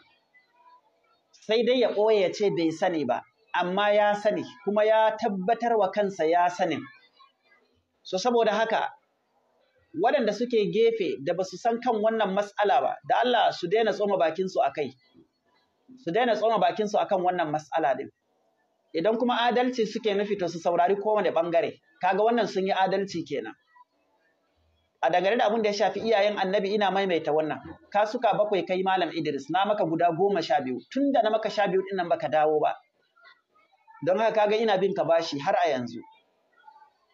sai dai ya ɓoye ya ce bai sani ba amma ya sani kuma ya tabbatar wa kansa ya sanin so saboda haka waɗanda suke gefe da ba su san kan wannan mas'ala ba da Allah su daina tsoma bakinsu a kai su daina tsoma bakinsu a kan wannan mas'ala din idan kuma adalci suke nufi to su saurari kowane ɓangare kaga wannan sun yi adalci kenan a dangane da abin da ya shafi iyayen annabi ina maimaita wannan ka suka bakwai kai malam idris na maka guda goma sha biyu tun da na maka sha biyu dinnan baka dawo ba don haka kaga ina bin ka bashi har a yanzu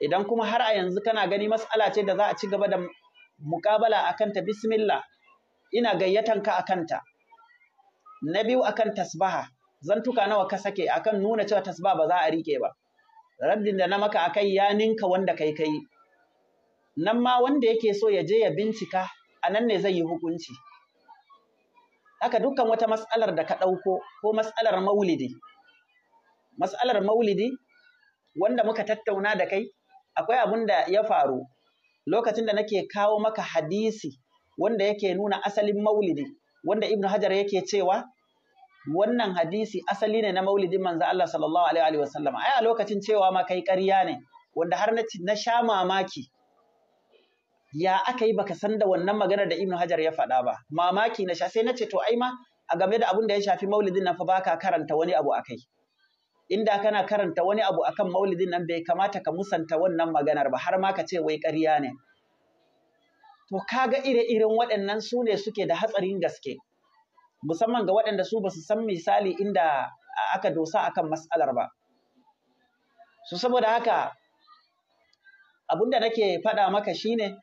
idan kuma har a yanzu kana gani mas'ala ce da za a ci gaba da mukabala a kanta bismillah ina gayyatan ka a kanta na biyu akan tasbaha zan tuka nawa ka sake akan nuna cewa tasbaha ba za a rike ba raddin da na maka akai ya ninka wanda kai kai nan ma wanda yake so ya je ya bincika a nan ne zai yi hukunci haka dukkan wata matsalar da ka ɗauko ko mas'alar maulidi mas'alar maulidi wanda muka tattauna da kai akwai abin da ya faru lokacin da nake kawo maka hadisi wanda yake nuna asalin maulidi wanda Ibn hajar yake cewa wannan hadisi asali ne na maulidin manzo Allah sallallahu alaihi wa sallam ai a lokacin cewa ma kai ƙarya ne wanda har na sha mamaki ya aka yi baka san da wannan magana da Ibn Hajar ya faɗa ba mamaki na sha sai na ce to ai ma a game da abin da ya shafi maulidin nan fa baka karanta wani abu akai inda kana karanta wani abu akan maulidin nan bai kamata ka musanta wannan maganar ba har ma ka ce wai ƙarya ne to kaga ire-iren waɗannan su ne suke da hatsarin gaske musamman ga waɗanda su basu san misali inda aka dosa akan mas'alar ba su saboda haka abin da nake faɗa maka shine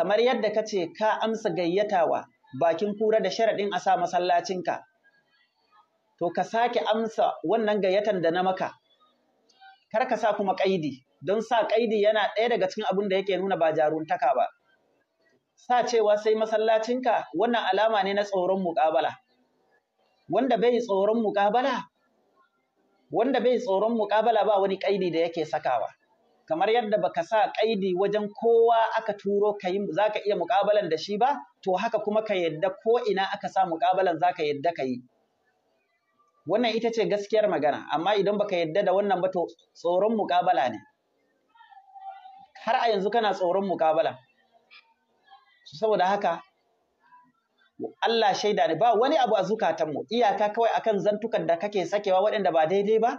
kamar yadda ka ce ka amsa gayyatawa bakin kura da sharaɗin a sa masallacinka to ka sake amsa wannan gayyatan da na maka kar ka sa kuma ƙaidi don sa ƙaidi yana ɗaya daga cikin abin da yake nuna ba jaruntaka ba sa cewa sai masallacinka wannan alama ne na tsoron muƙabala wanda bai tsoron muƙabala wanda bai tsoron muƙabala ba wani ƙaidi da yake sakawa kamar yadda baka sa kaidi wajen kowa aka turo kai zaka iya muƙabalan da shi ba to haka kuma ka yadda ko ina aka sa muƙabalan zaka yadda ka yi. wannan ita ce gaskiyar magana amma idan baka yadda da wannan ba to tsoron muƙabala ne har a yanzu kana tsoron muƙabala saboda haka Allah shaida ne ba wani abu a zukatanmu iyaka kawai akan zantukan da kake sakewa waɗanda ba daidai ba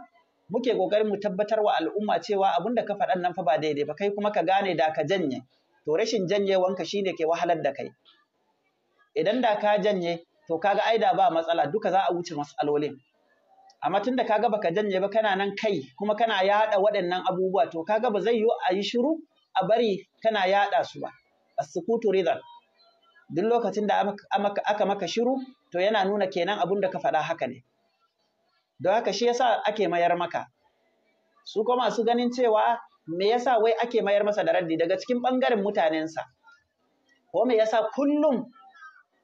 muke kokarin mu tabbatar wa al'umma cewa abun da ka faɗan nan fa ba daidai ba kai kuma ka gane da ka janye to rashin janyewanka shine ke wahalar da kai idan da ka janye to kaga ai da ba matsala duka za a wuce matsalolin amma da kaga baka janye ba kana nan kai kuma kana yada waɗannan abubuwa to kaga ba zai yiwu a yi shiru a bari kana yada su ba asukutu ridan duk lokacin da aka maka shiru to yana nuna kenan abun da ka faɗa haka ne Don haka shi yasa ake mayar maka. Su kuma masu ganin cewa me yasa wai ake mayar masa da raddi daga cikin ɓangaren mutanensa. Ko me yasa kullum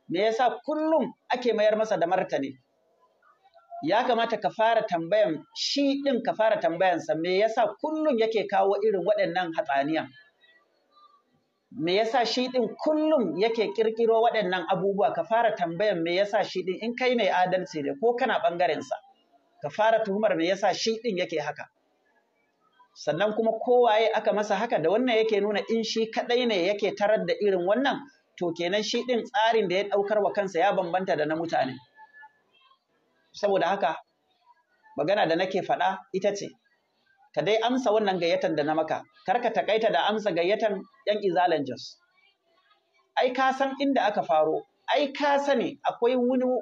me yasa kullum ake mayar masa da martani. Ya kamata ka fara tambayan shi ɗin ka fara tambayansa me yasa kullum yake kawo irin waɗannan hatsaniya? me yasa shi din kullum yake kirkiro waɗannan abubuwa ka fara tambayan me yasa shi din in kai mai adalci ne ko kana ɓangaren sa ka fara tuhumar me yasa shi din yake haka sannan kuma kowaye aka masa haka da wannan yake nuna in shi kaɗai ne yake tarar da irin wannan to kenan shi din tsarin da ya ɗaukar wa kansa ya bambanta da na mutane saboda haka magana da nake faɗa ita ce ka dai amsa wannan gayyatan da na maka kar ka takaita da amsa gayyatan yan izalan jos ai ka san inda aka faro ai ka sani akwai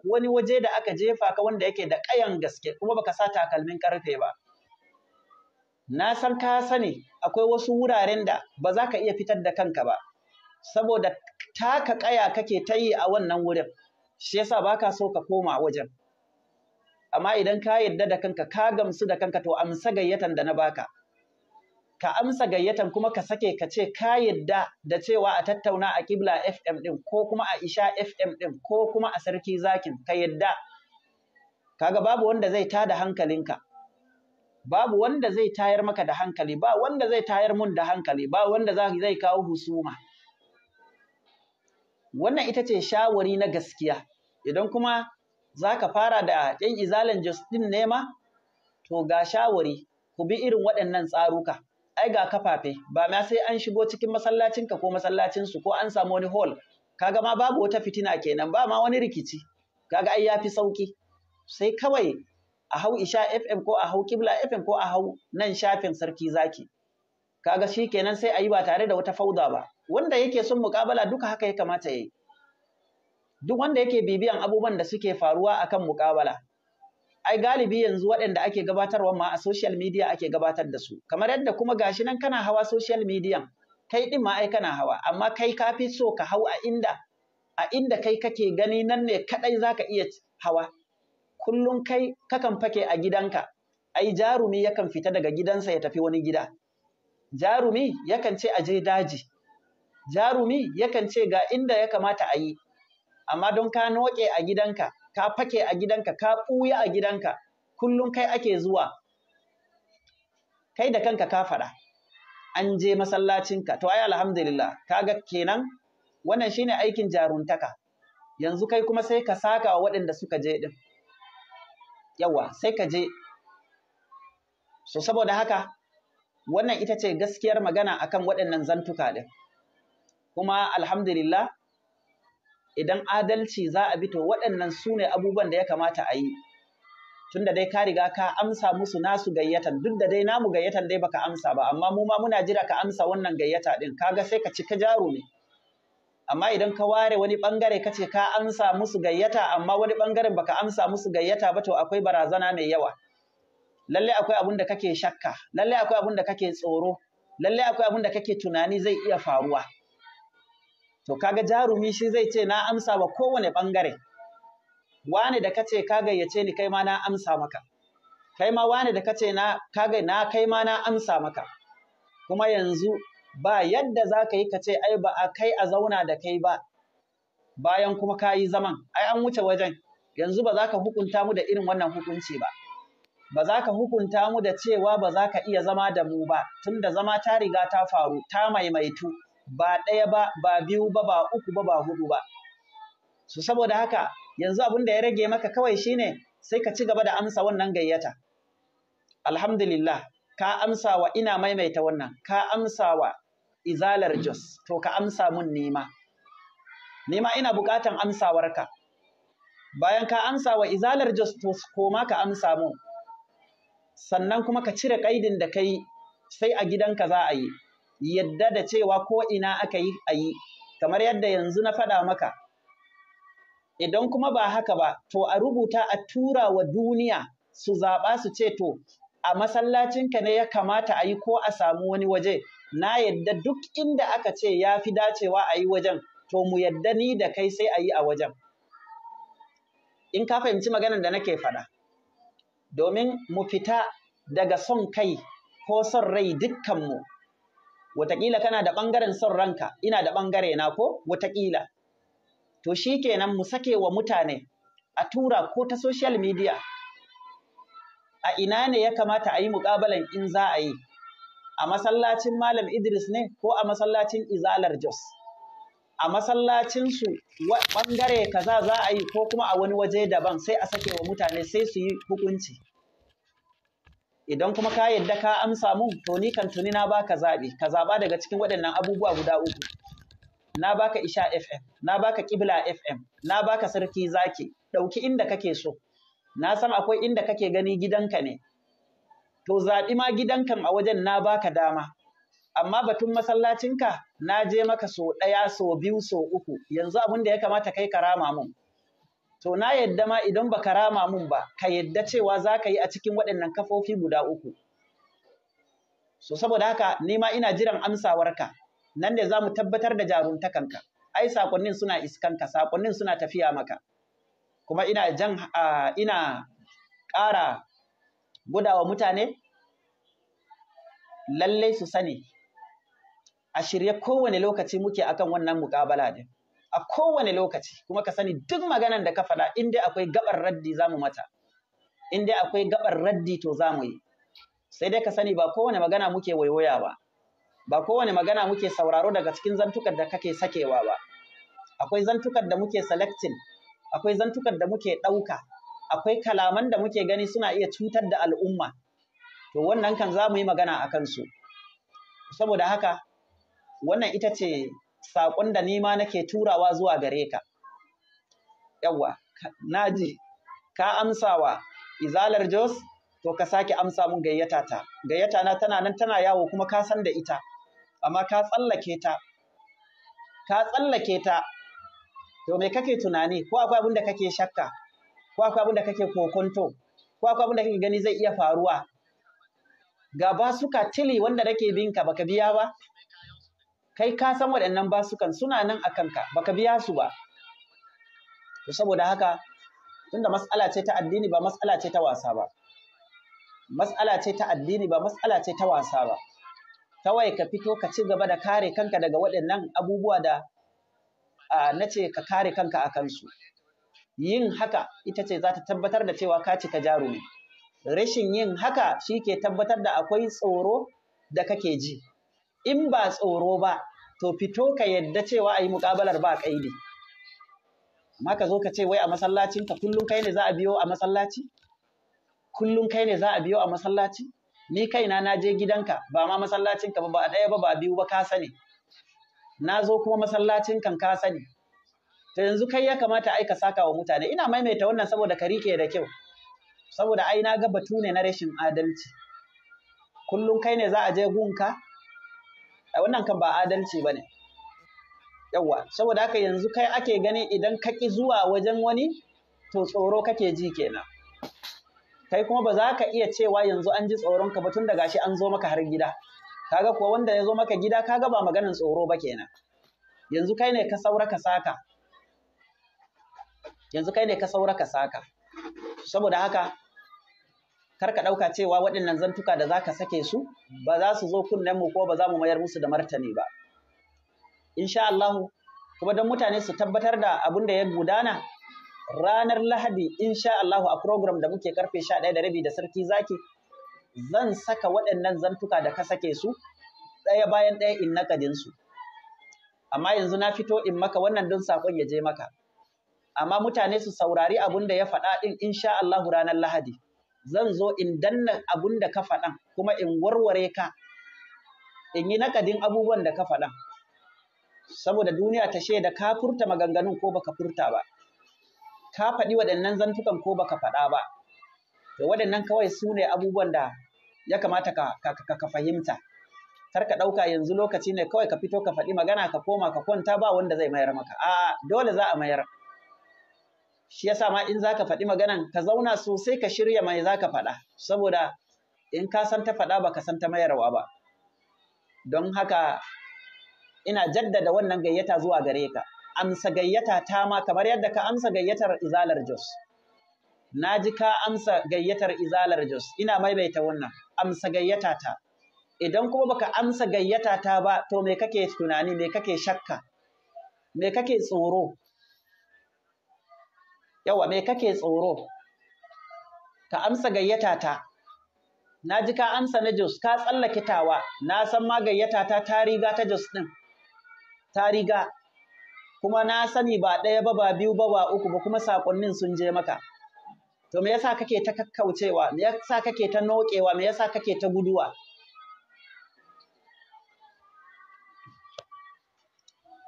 wani waje da aka jefa ka wanda yake da ƙayan gaske kuma baka sa takalmin karfe ba na san ka sani akwai wasu wuraren da ba za ka iya fitar da kanka ba saboda taka ƙaya kake ta yi a wannan wurin shi yasa baka so ka koma wajen amma idan ka yarda da kanka ka gamsu da kanka to amsa gayyatan da na baka ka amsa gayyatan kuma ka sake ka ce ka yadda da cewa a tattauna a Kibla FM din ko kuma a Isha FM din ko kuma a Sarki Zakin ka yadda kaga babu wanda zai tada hankalinka babu wanda zai tayar maka da hankali ba wanda zai tayar mun da hankali ba wanda zai kawo husuma wannan ita ce shawari na gaskiya idan kuma za ka fara da yan izalan Justin nema to ga shawari ku bi irin waɗannan tsaruka ai ga kafafe ba ma sai an shigo cikin masallacinka ko masallacinsu ko an samu wani hall kaga ma babu wata fitina kenan ba ma wani rikici kaga ai yafi sauki sai kawai a hau isha fm ko a hau kibla fm ko a hau nan shafin sarki zaki kaga shi kenan sai a yi ba tare da wata fauda ba wanda yake son muƙabala duka haka ya kamata ya yi duk wanda yake bibiyan abubuwan da suke faruwa akan muƙabala ai galibi yanzu waɗanda ake gabatarwa ma a social media ake gabatar da su kamar yadda kuma gashi nan kana hawa social media kai din ma ai kana hawa amma kai ka fi so ka hau a inda a inda kai kake gani nan ne kadai zaka iya hawa kullum kai kakan fake a gidanka ai jarumi yakan fita daga gidansa ya tafi wani gida jarumi yakan ce aje daji jarumi yakan ce ga inda ya kamata a yi amma don ka noke a gidanka ka fake a gidanka ka ɓuya a gidanka kullum kai ake zuwa kai da kanka ka faɗa an je masallacinka to ai alhamdulillah ka ga kenan wannan shine aikin jaruntaka yanzu kai kuma sai ka saka wa waɗanda suka je din yawa sai ka je so saboda haka wannan ita ce gaskiyar magana akan waɗannan zantuka ɗin kuma alhamdulillah idan adalci za a bi to waɗannan su ne abubuwan da ya kamata a yi Tun da dai ka riga ka amsa musu nasu gayyata, duk da dai namu gayyata dai baka amsa ba amma mu ma muna jira ka amsa wannan gayyata din ga sai ka cika jaro ne amma idan ka ware wani bangare ka ce ka amsa musu gayyata amma wani bangaren baka amsa musu gayyata ba to akwai barazana mai yawa lalle akwai abun da kake shakka lalle akwai abun da kake tsoro lalle akwai abun da kake tunani zai iya faruwa to kaga jarumi shi zai ce na amsa wa kowane bangare wani da kace ka gayyace ni kai ma na amsa maka kai ma wane da kace na kaga na kai ma na amsa maka kuma yanzu ba yadda za ka yi ka ce ai ba a kai a zauna da kai ba bayan kuma ka yi zaman ai an wuce wajen yanzu ba za ka hukunta mu da irin wannan hukunci ba ba za ka hukunta mu da cewa ba za ka iya zama da mu ba tunda zama ta riga ta faru ta maimaitu ba ɗaya ba ba biyu ba ba uku ba ba hudu ba so saboda haka yanzu abin da ya rage maka kawai shine sai ka ci gaba da amsa wannan gayyata alhamdulillah ka amsa wa ina maimaita wannan ka amsa wa izalar jos to ka amsa mun nema nema ina bukatan amsawarka bayan ka amsa wa izalar jos to koma ka amsa mun sannan kuma ka cire kaidin da kai sai a gidanka za a yi yadda da cewa ko ina aka yi a yi kamar yadda yanzu na faɗa maka idan kuma ba haka ba to a rubuta a tura wa duniya su zaɓa su ce to a masallacinka ne ya kamata a yi ko a samu wani waje na yadda duk inda aka ce ya fi dacewa a yi wajen to mu yadda ni da kai sai a yi a wajen in ka fahimci maganar da nake faɗa domin mu fita daga son kai ko son rai dukkanmu Wataƙila kana da ɓangaren son ranka, ina da ɓangare na ko wataƙila. To shi kenan mu sake wa mutane a tura ko ta social media. A ina ne ya kamata a yi muƙabalan in za a yi? A masallacin Malam Idris ne ko a masallacin Izalar Jos? A masallacinsu ɓangare kaza za a yi ko kuma a wani waje daban sai a sake wa mutane sai su yi hukunci. idan kuma ka yadda ka amsa mun to ni kan tuni na baka zaɓi. ka zaɓa daga cikin waɗannan abubuwa guda uku na baka Isha FM na baka Kibla FM na baka Sarki Zaki Ɗauki inda kake so na san akwai inda kake gani gidanka ne to zaɓi ma gidankan a wajen na baka dama amma batun masallacinka na je maka so ɗaya so biyu so uku yanzu abin da ya kamata kai karama mun To na yadda ma idan baka rama mun ba, ka yadda cewa za ka yi a cikin waɗannan kafofi guda uku. So saboda haka ni ma ina jiran amsawarka, nan da za mu tabbatar da jarumtakanka. Ai sakonnin suna ka, sakonnin suna tafiya maka. Kuma ina jan ina ƙara gudawa mutane lallai su sani a shirye kowane lokaci muke akan wannan muƙabala din. a kowane lokaci kuma ka sani duk maganan da ka faɗa in dai akwai gabar raddi za mu mata in dai akwai gabar raddi to za mu yi sai dai ka sani ba kowane magana muke waiwaya ba ba kowane magana muke sauraro daga cikin zantukar da kake sakewa ba akwai zantukar da muke selecting akwai zantukar da muke ɗauka akwai kalaman da muke gani suna iya cutar da al'umma to wannan kan za mu yi magana a kansu saboda haka wannan ita ce saƙon da nima nake turawa zuwa gare ka yawwa naji ka amsawa izalar jos to ka sake amsa mun gayyata ta gayyata na tana nan tana yawo kuma ka san da ita amma ka tsallake ta ka tsallake ta to me kake tunani ko akwai abin da kake shakka ko akwai abin da kake kokonto ko akwai abin da kake gani zai iya faruwa ga suka tili wanda nake binka ka baka biya ba kai ka san waɗannan basukan suna nan a kanka baka biya su ba to saboda haka tunda mas'ala ce ta addini ba mas'ala ce ta wasa ba mas'ala ce ta addini ba mas'ala ce ta wasa ba kawai ka fito ka ci gaba da kare kanka daga waɗannan abubuwa da na ce ka kare kanka a kansu yin haka ita ce za ta tabbatar da cewa ka cika jarumi rashin yin haka shi ke tabbatar da akwai tsoro da kake ji in ba tsoro ba to fito ka yadda cewa a yi muƙabalar ba ƙaidi amma ka zo ka ce wai a masallacin ka kullum kai ne za a biyo a masallaci kullum kai ne za a biyo a masallaci ni kaina na je gidanka ba ma masallacin ka ba ba ɗaya ba ba biyu ba ka sani na zo kuma masallacin kan ka sani to yanzu kai ya kamata ai ka saka wa mutane ina maimaita wannan saboda ka rike da kyau saboda ai na ga batu ne na rashin adalci kullum kai ne za a je gunka wannan kan ba adalci bane yawa saboda haka yanzu kai ake gani idan ka ki zuwa wajen wani to tsoro kake ji kenan kai kuma ba za ka iya cewa yanzu an ji tsoron ka ba tun da gashi an zo maka har gida kaga kuwa wanda ya zo maka gida kaga ba maganin tsoro ba kenan yanzu kai ne ka saura ka saka yanzu kai ne ka saura ka saka saboda haka kar ka ɗauka cewa waɗannan zantuka da za ka sake su ba za su zo kunnen mu ko ba za mu mayar musu da martani ba insha Allahu kuma don mutane su tabbatar da abin da ya gudana ranar Lahadi insha Allahu a program da muke karfe ɗaya da rabi da sarki zaki zan saka waɗannan zantuka da ka sake su ɗaya bayan ɗaya in nakadin su amma yanzu na fito in maka wannan don sakon ya je maka amma mutane su saurari abin da ya faɗa din insha Allahu ranar Lahadi zan zo in danna abun da ka faɗa kuma in warware ka in yi nakadin abubuwan da ka faɗa saboda duniya ta shaida ka furta maganganun ko baka furta ba ka faɗi waɗannan zantukan ko baka faɗa ba to waɗannan kawai su ne abubuwan da ya kamata ka, ka, ka, ka fahimta kar ka ɗauka yanzu lokaci ne kawai ka fito ka faɗi magana ka koma ka kwanta ba wanda zai mayar maka a dole za a mayar shi yasa ma in zaka faɗi maganan ka zauna sosai ka shirya mai zaka faɗa saboda in ka san ta faɗa baka san ta mayarwa ba don haka ina jaddada wannan gayyata zuwa gare ka amsa gayyata ta ma kamar yadda ka amsa gayyatar izalar jos na ji ka amsa gayyatar izalar jos ina maimaita wannan amsa gayyata ta idan kuma baka amsa gayyata ta ba to me kake tunani me kake shakka me kake tsoro yawa me kake tsoro ka amsa gayyata ta na ji ka amsa na jos ka tsallake tawa na san ma gayyata ta ta riga ta jos din ta riga kuma na sani ba ɗaya ba ba biyu ba ba uku ba kuma sakonnin sun je maka to me yasa kake ta kakkaucewa me yasa kake ta nokewa me yasa kake ta guduwa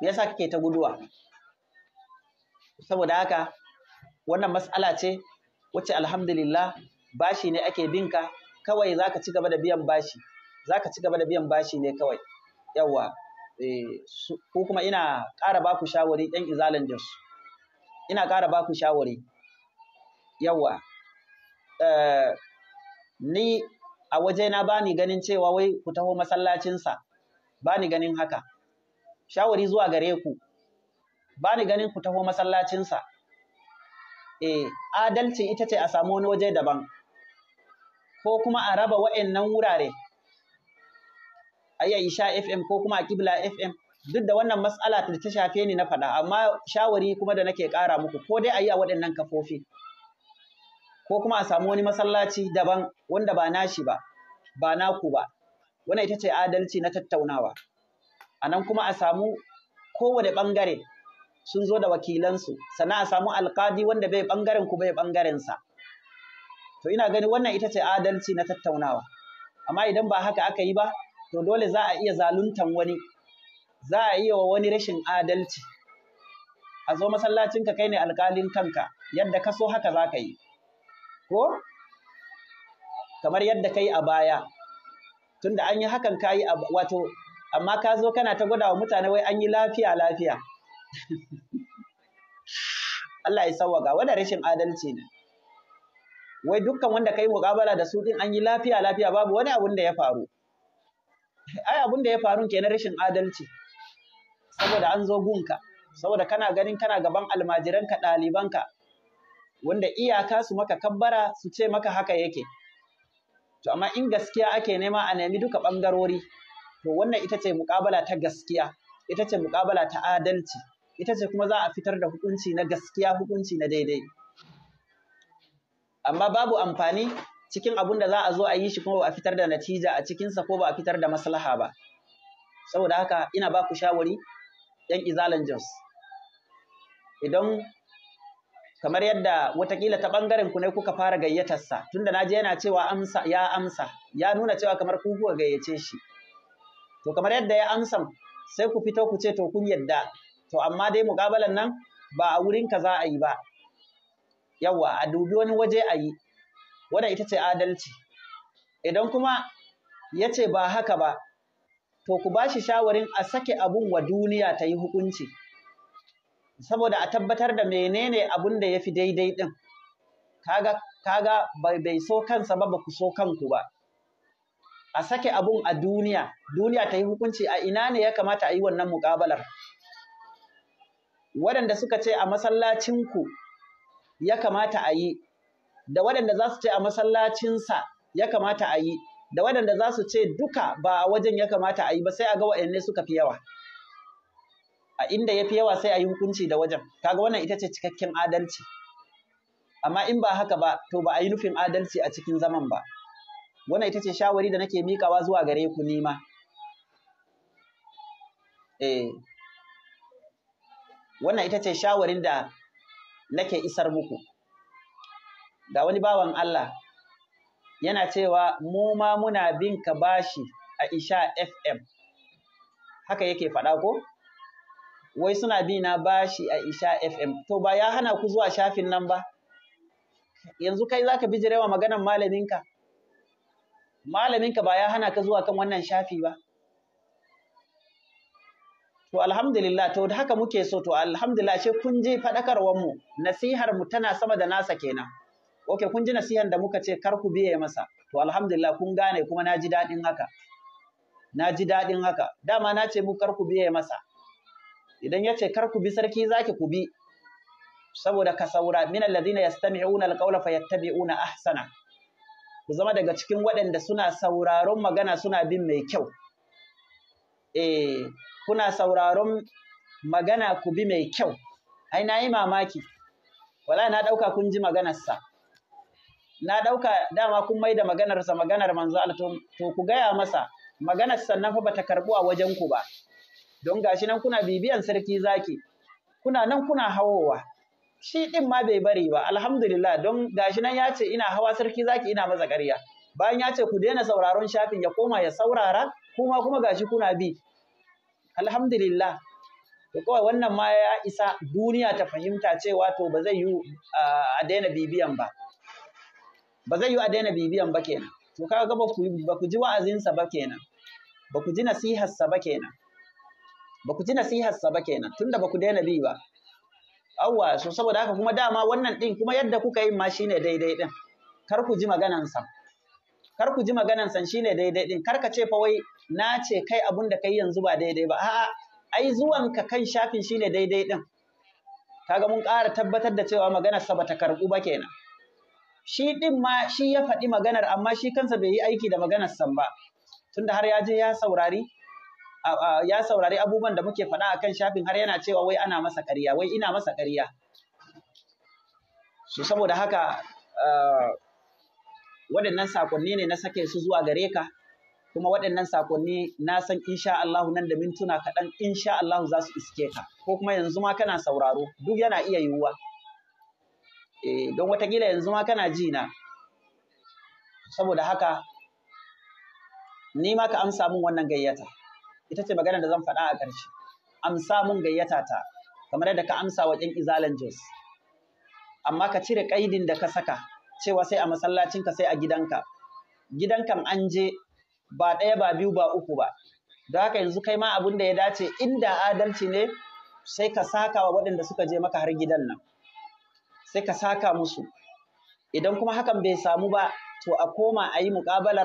me yasa kake ta guduwa saboda haka wannan mas'ala ce wacce alhamdulillah bashi ne ake binka kawai za ka ci gaba da biyan bashi Za ka ci gaba da biyan bashi ne kawai yawwa eh, ko kuma ina ƙara baku shawari ɗan izalan jos ina ƙara baku shawari yawwa eh, ni a wajena ba ni ganin cewa wai ku taho masallacinsa ba ni ganin haka shawari zuwa gare ku ba ni ganin ku taho masallacinsa eh adalci ita ce a samu wani waje daban ko kuma a raba wa'annan wurare a iya isha fm ko kuma a kibla fm duk da wannan matsala ta ta shafe ni na faɗa amma shawari kuma da nake ƙara muku ko dai a yi a waɗannan kafofi ko kuma a samu wani masallaci daban wanda ba nashi ba ba naku ba wannan ita ce adalci na tattaunawa a nan kuma a samu kowane ɓangare sun zo da wakilansu sana'a a samu alkadi wanda bai bangaren ku bai bangaren sa to ina gani wannan ita ce adalci na tattaunawa amma idan ba haka aka yi ba to dole za a iya zaluntan wani za a iya wa wani rashin adalci a zo masallacin ka kai ne alkalin kanka yadda ka so haka za ka yi ko kamar yadda ka yi a baya tunda an yi hakan ka yi wato amma ka zo kana ta gwada wa mutane wai an yi lafiya lafiya Allah ya sawwaka wannan rashin adalci ne wai dukkan wanda kai muƙabala da su din an yi lafiya lafiya babu wani abun da ya faru ai abun da ya faru kenan rashin adalci saboda an zo gunka saboda kana ganin kana gaban almajiranka ɗalibanka wanda iyaka su maka kabbara su ce maka haka yake to amma in gaskiya ake nema a nemi duka ɓangarori to wannan ita ce muƙabala ta gaskiya ita ce muƙabala ta adalci ita ce kuma za a fitar da hukunci na gaskiya hukunci na daidai amma babu amfani cikin abun da za a zo a yi shi kuma ba a fitar da natija a cikinsa ko ba a fitar da maslaha ba saboda haka ina ba ku shawari yan izalan jos idan kamar yadda watakila ta ɓangaren ku ne kuka fara gayyatarsa tunda na je yana cewa amsa ya amsa ya nuna cewa kamar kuka gayyace shi to kamar yadda ya amsa sai ku fito ku ce to kun yadda to amma dai muƙabalan nan ba a wurinka za a yi ba yawa a dubi wani waje a yi wadda ita ce adalci idan kuma ya ce ba haka ba to ku ba shi shawarin a sake abun wa duniya ta yi hukunci saboda a tabbatar da menene abun da ya fi daidai ɗin kaga kaga bai so kansa ba ba ku so kanku ba a sake abun a duniya duniya ta yi hukunci a ina ne ya kamata a yi wannan muƙabalar waɗanda suka ce a masallacinku ya kamata a yi da waɗanda za su ce a masallacinsa ya kamata a yi da waɗanda za su ce duka ba a wajen ya kamata a yi ba sai a ga waɗanne suka fi yawa a inda ya fi yawa sai a yi hukunci da wajen kaga wannan ita ce cikakken adalci amma in ba haka ba to ba a yi nufin adalci a cikin zaman ba wannan ita ce shawari da nake miƙawa zuwa gare ku nima eh wannan ita ce shawarin da nake isar muku ga wani bawan Allah yana cewa mu ma muna bin ka bashi a Isha FM haka yake faɗa ko wai suna bi na bashi a Isha FM to ba ya hana ku zuwa shafin nan ba yanzu kai zaka bijirewa maganan malaminka malaminka ba ya hana ka zuwa kan wannan shafi ba to alhamdulillah to haka muke so to alhamdulillah she kun ji fadakarwar mu nasihar mu tana sama da nasa kenan okay kun ji nasihar da muka ce kar ku biye masa to alhamdulillah kun gane kuma na ji dadin haka na ji dadin haka dama na ce mu kar ku biye masa idan yace ce kar ku bi sarki zaki ku bi saboda ka saura min alladhina yastami'una alqawla fayattabi'una ahsana ku zama daga cikin waɗanda suna sauraron magana suna bin mai kyau eh kuna sauraron magana ku bi mai kyau ai na yi mamaki wala na ɗauka kun ji maganarsa na ɗauka dama kun mai da maganarsa maganar manzo Allah to ku gaya masa maganar sannan fa bata karɓu a wajen ku ba don gashi nan kuna bibiyan sarki zaki kuna nan kuna hawowa shi ɗin ma bai bari ba alhamdulillah don gashi nan ya ce ina hawa sarki zaki ina maza ƙarya bayan ya ce ku daina sauraron shafin ya koma ya saurara kuma kuma gashi kuna bi alhamdulillah to kawai wannan ma ya isa duniya ta fahimta cewa to ba zai yi a daina bibiyan ba ba zai yi a daina bibiyan ba kenan to kaga ba ku ba ku ji wa'azinsa ba kenan ba ku ji nasiharsa ba kenan ba ku ji nasiharsa ba kenan tunda ba ku daina bi ba awwa so saboda haka kuma dama wannan din kuma yadda kuka yi ma shine daidai din kar ku ji sa kar ku ji maganan san shine daidai din kar ka ce fa wai na ce kai abun da kai yanzu ba daidai ba a'a ai zuwan ka kan shafin shine daidai din kaga mun ƙara tabbatar da cewa maganar sa bata karbu ba kenan shi din ma shi ya faɗi maganar amma shi kansa bai yi aiki da maganar san ba tunda har ya je ya saurari ya saurari abubuwan da muke faɗa akan shafin har yana cewa wai ana masa ƙarya wai ina masa ƙarya so saboda haka ah, waɗannan sakonni ne na sake su zuwa gare ka kuma waɗannan sakonni na san insha Allahu nan da mintuna kaɗan insha Allahu za su iske ka ko kuma yanzu ma kana sauraro duk yana iya yiwuwa e, don watakila yanzu ma kana ji na saboda haka ni ma ka amsa mun wannan gayyata ita ce magana da zan faɗa a ƙarshe amsa mun gayyata ta kamar yadda ka amsa wa ƴan izalan jos amma ka cire ƙaidin da ka saka cewa sai a ka sai a gidanka gidankan an je ba ɗaya ba biyu ba uku ba da haka yanzu kai ma abin da ya dace inda adalci ne sai ka saka wa waɗanda suka je maka har gidan nan sai ka saka musu idan kuma hakan bai samu ba to a koma a yi muƙabalar